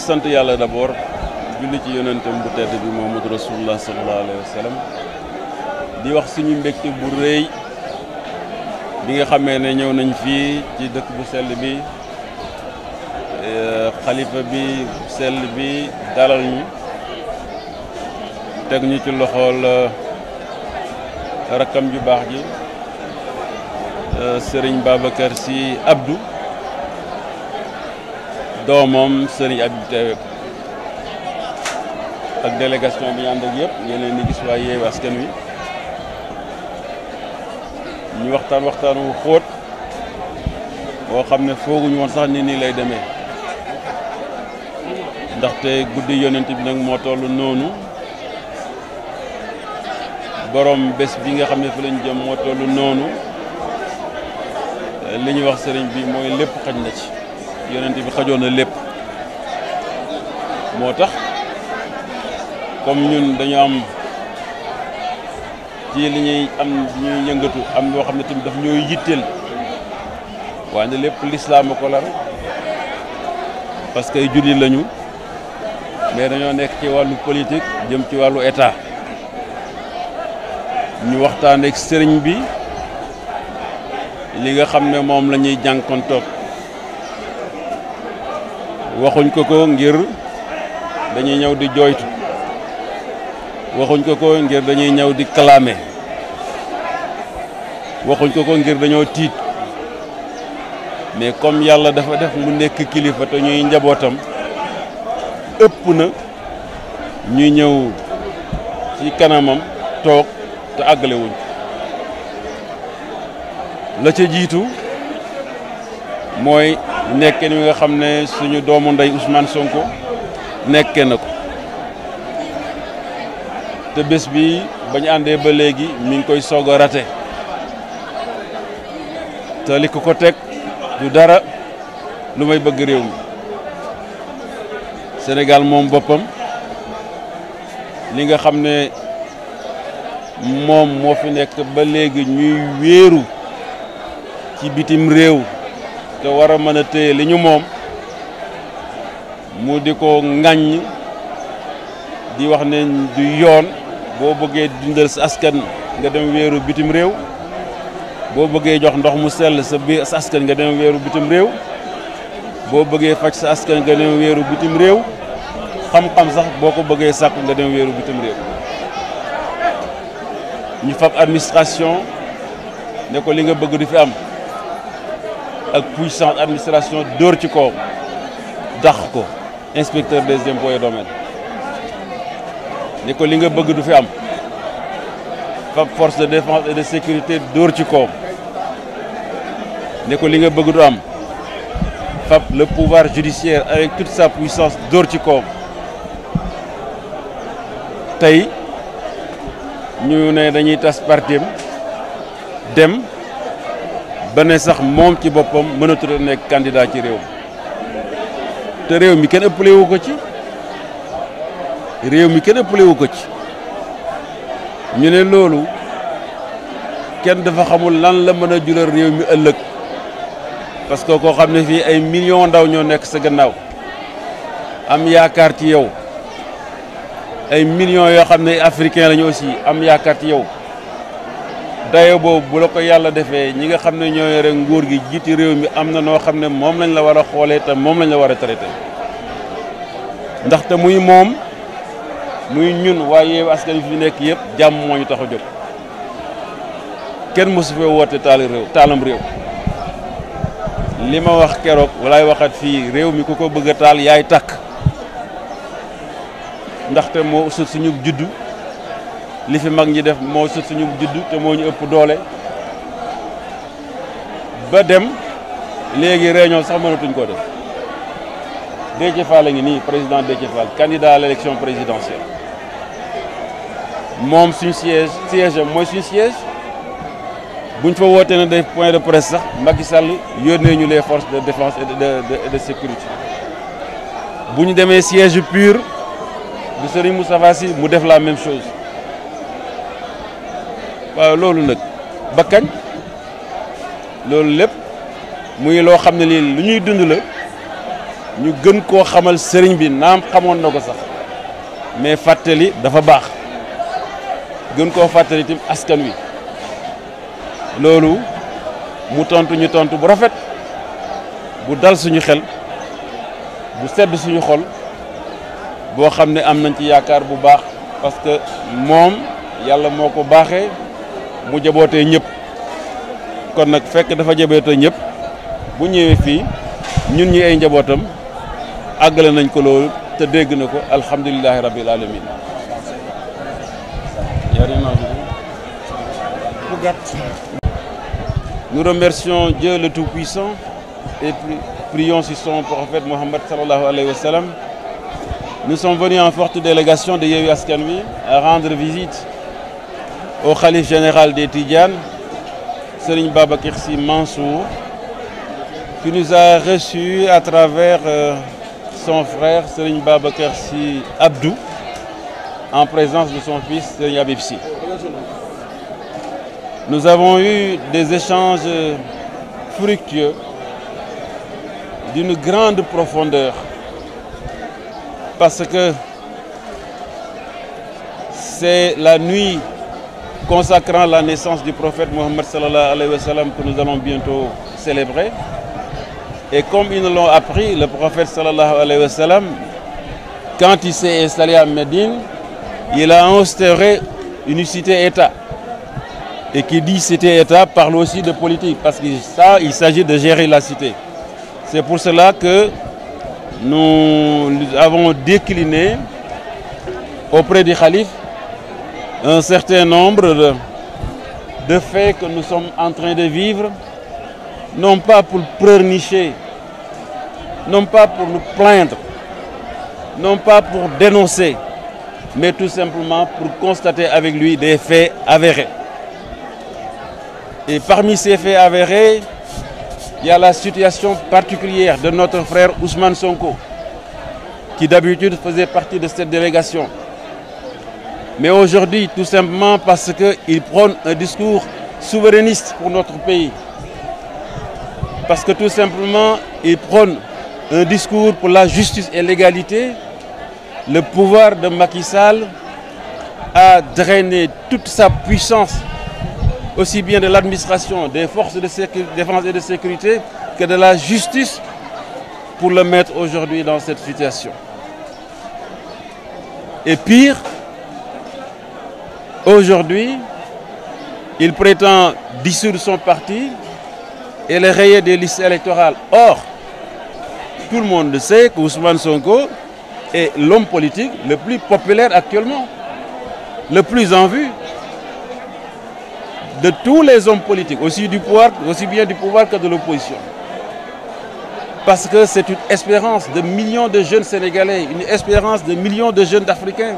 sant yàlla d'abord julli ci yonentam bu tedd bi Muhammad Rasulullah sallallahu alayhi wa di wax suñu mbégte bu rëy bi nga xamee ne ñëw nañ fii ci dëkk bu sell bi euh, xalifa bi sell bi dalal ñu teg ñu ci loxool euh, rakkam ju baax ji euh, sëriñ Babacar Sy abdu doomam sëriñ Abib Tewe ak délégation bi ñu ànd ak yëpp ngeen leen di gis waa Yewwi Askan Wi ñu waxtaan waxtaan wu xóot boo xam ne fooguñu woon sax ni nii lay demee ndaxte guddi yonant bi nag moo tollu noonu borom bés bi nga xam ne fi lañ jëm moo tollu noonu li ñu wax sëriñ bi mooy lépp xaj na ci. yonent bi xajoon na lépp moo tax comme ñun dañu am ci li ñuy am yëngatu am loo xam ne tamit daf ñooy yitteel waaye lépp lislaam a ko lar parce que ay lañu mais dañoo nekk ci wàllu politique jëm ci wàllu état ñu waxtaan ak sëriñ bi li nga xam ne moom la ñuy toog waxuñ ko ko ngir dañuy ñëw di jooytu waxuñ ko ko ngir dañuy ñëw di clamé waxuñ ko ko ngir dañoo tiit mais comme yàlla dafa def mu nekk kilifa te ñuy njabootam ëpp na ñu ñëw ci kanamam toog te àggale la ca mooy nekkin wi nga xam ne suñu doomu ndey Ousmane Sonko nekke na ko te bés bi bañu àndee ba léegi mi koy soog a rate te ko ko teg du dara lu may bëgg réew mi Sénégal moom boppam li nga xam ne moom moo fi nekk ba léegi ñuy wéeru ci bitim réew te war a mën a téye li ñu moom mu di ko ŋàññ di wax ne du yoon boo bëggee dundal sa askan nga dem wéeru bitim réew boo bëggee jox ndox mu sell sa biir sa askan nga dem weeru bitim réew boo bëggee faj sa askan nga dem wéeru bitim réew xam-xam sax boo ko bëggee sàkk nga dem weeru bitim réew ñu fab administration ne ko li nga bëgg du fi am ak puissance administration dóor ci kaw dax ko inspecteur des impôts et domaines ne ko li nga bëgg du fi am fab force de défense et de sécurité dóor ci kaw ne ko li nga bëgg du am fab le pouvoir judiciaire avec toute sa puissance dóor ci kaw tey ñu ne dañuy tas partim dem ba ne sax moom ci boppam mënatul a nekk candidat ci réew te réew mi kenn ëppale wu ko ci réew mi kenn ëppale wu ko ci ñu ne loolu kenn dafa xamul lan la mën a jural réew mi ëllëg parce que koo xam ne fii ay million ndaw ñoo nekk sa gannaaw am yaakaar ci yow ay millions yoo xam ne africain lañu aussi am yaakaar ci yow. dayo boobu bu la ko yàlla defee ñi nga xam ne ñoo yore ngóor gi jiiti réew mi am na noo xam ne moom lañ la war a xoolee tam moom lañ la war a traité ndaxte muy moom muy ñun waaye askan wi fi nekk yëpp jàmm moo ñu tax a jóg kenn mosu fee woote taal réew taalam réew li ma wax keroog wallaay waxat fii réew mi ku ko bëgg a taal yaay tàkk ndaxte moo sut suñu juddu li fi mag ñi def moo sut suñu judd te moo ñu ëpp doole ba dem léegi réunion sax mënatuñ koo def Déthié Fall a ngi nii président Déthié Fall candidat à l'élection présidentielle moom suñu siège siège am mooy suñu siège buñ fa wootee na def point de presse sax Macky Sall yónnee ñu les force de défense et de de sécurité bu ñu demee siège pur du Serigne Moustapha Sy mu def la même chose. waaw loolu nag ba kañ loolu lépp muy loo xam ne lii lu ñuy dund la ñu gën koo xamal sëriñ bi naam xamoon na ko sax mais fàttali dafa baax gën koo fàttali tim askan wi loolu mu tontu ñu tontu bu rafet bu dal suñu xel bu sedd suñu xol boo xam ne am nañ ci yaakaar bu baax parce que moom yàlla moo ko baaxee mu jabootee ñëpp kon nag fekk dafa jabootee ñëpp bu ñëwee fii ñun ñi ay njabootam àggale nañ ko loolu te dégg na ko alhamdulilahi rabbil alamin Nous remercions Dieu le Tout-Puissant et prions sur son prophète Mohammed sallallahu alayhi wa sallam. Nous sommes en forte délégation de Yewi Askanvi à rendre visite au khalife général des Tidjanes, Serigne Baba Kirsi Mansour, qui nous a reçus à travers euh, son frère Serigne Baba Kirsi Abdou, en présence de son fils Serigne Abibsi. Nous avons eu des échanges fructueux d'une grande profondeur parce que c'est la nuit consacrant la naissance du prophète Mohammed sallallahu alayhi wa sallam que nous allons bientôt célébrer. Et comme ils nous l'ont appris, le prophète sallallahu alayhi wa sallam, quand il s'est installé à Médine, il a instauré une cité-État. Et qui dit cité-État parle aussi de politique, parce que ça, il s'agit de gérer la cité. C'est pour cela que nous avons décliné auprès du calife un certain nombre de, de faits que nous sommes en train de vivre, non pas pour pleurnicher, non pas pour nous plaindre, non pas pour dénoncer, mais tout simplement pour constater avec lui des faits avérés. Et parmi ces faits avérés, il y a la situation particulière de notre frère Ousmane Sonko, qui d'habitude faisait partie de cette délégation. mais aujourd'hui tout simplement parce qu'il prône un discours souverainiste pour notre pays. Parce que tout simplement, il prône un discours pour la justice et l'égalité. Le pouvoir de Macky Sall a drainé toute sa puissance, aussi bien de l'administration, des forces de défense et de sécurité, que de la justice, pour le mettre aujourd'hui dans cette situation. Et pire, Aujourd'hui, il prétend dissoudre son parti et le rayer des listes électorales. Or, tout le monde sait que Ousmane Sonko est l'homme politique le plus populaire actuellement, le plus en vue de tous les hommes politiques, aussi, du pouvoir, aussi bien du pouvoir que de l'opposition. Parce que c'est une espérance de millions de jeunes Sénégalais, une espérance de millions de jeunes d'Africains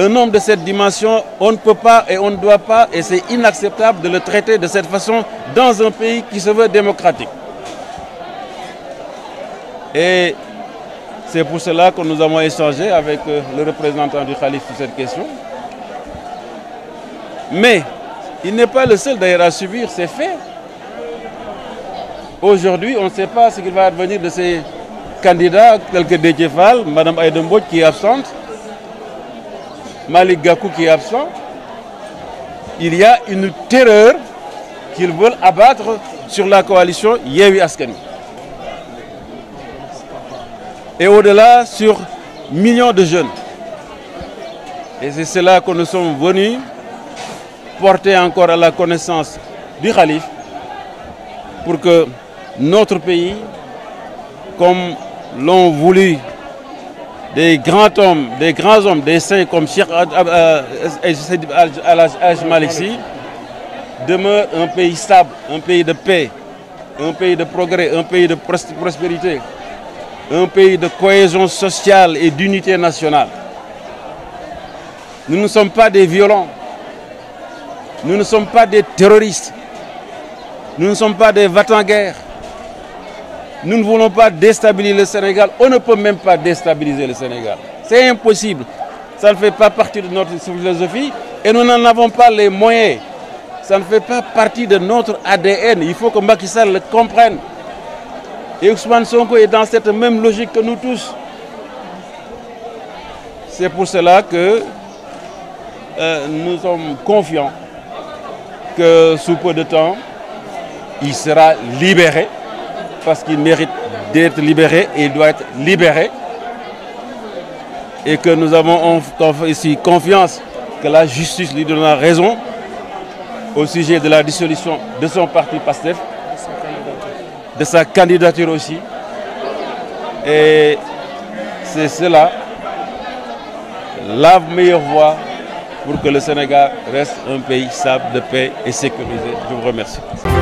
Un homme de cette dimension, on ne peut pas et on ne doit pas, et c'est inacceptable de le traiter de cette façon dans un pays qui se veut démocratique. Et c'est pour cela que nous avons échangé avec euh, le représentant du Khalif sur cette question. Mais il n'est pas le seul ce qu'il va advenir de ces candidats tels que Détiéfal, Mme Aydembout qui est absente. Malik Gakou qui absent, il y a une terreur qu'ils veulent abattre sur la coalition Yewwi Askan et au-delà sur millions de jeunes. Et c'est cela que nous sommes venus porter encore à la connaissance du Khalife pour que notre pays, comme l'ont voulu des grands hommes, des grands hommes, des saints comme Cheikh euh, Al Maliksi demeure un pays stable, un pays de paix, un pays de progrès, un pays de prospérité, un pays de cohésion sociale et d'unité nationale. Nous ne sommes pas des violents, nous ne sommes pas des terroristes, nous ne sommes pas des vatans Nous ne voulons pas déstabiliser le Sénégal. On ne peut même pas déstabiliser le Sénégal. C'est impossible. Ça ne fait pas partie de notre philosophie et nous n'en avons pas les moyens. Ça ne fait pas partie de notre ADN. Il faut que Macky Sall le comprenne. Et Ousmane Sonko est dans cette même logique que nous tous. C'est pour cela que euh, nous sommes confiants que sous peu de temps, il sera libéré. parce qu'il mérite d'être libéré et il doit être libéré. Et que nous avons ici confiance que la justice lui donnera raison au sujet de la dissolution de son parti PASTEF, de sa candidature aussi. Et c'est cela la meilleure voie pour que le Sénégal reste un pays stable de paix et sécurisé. Je vous remercie.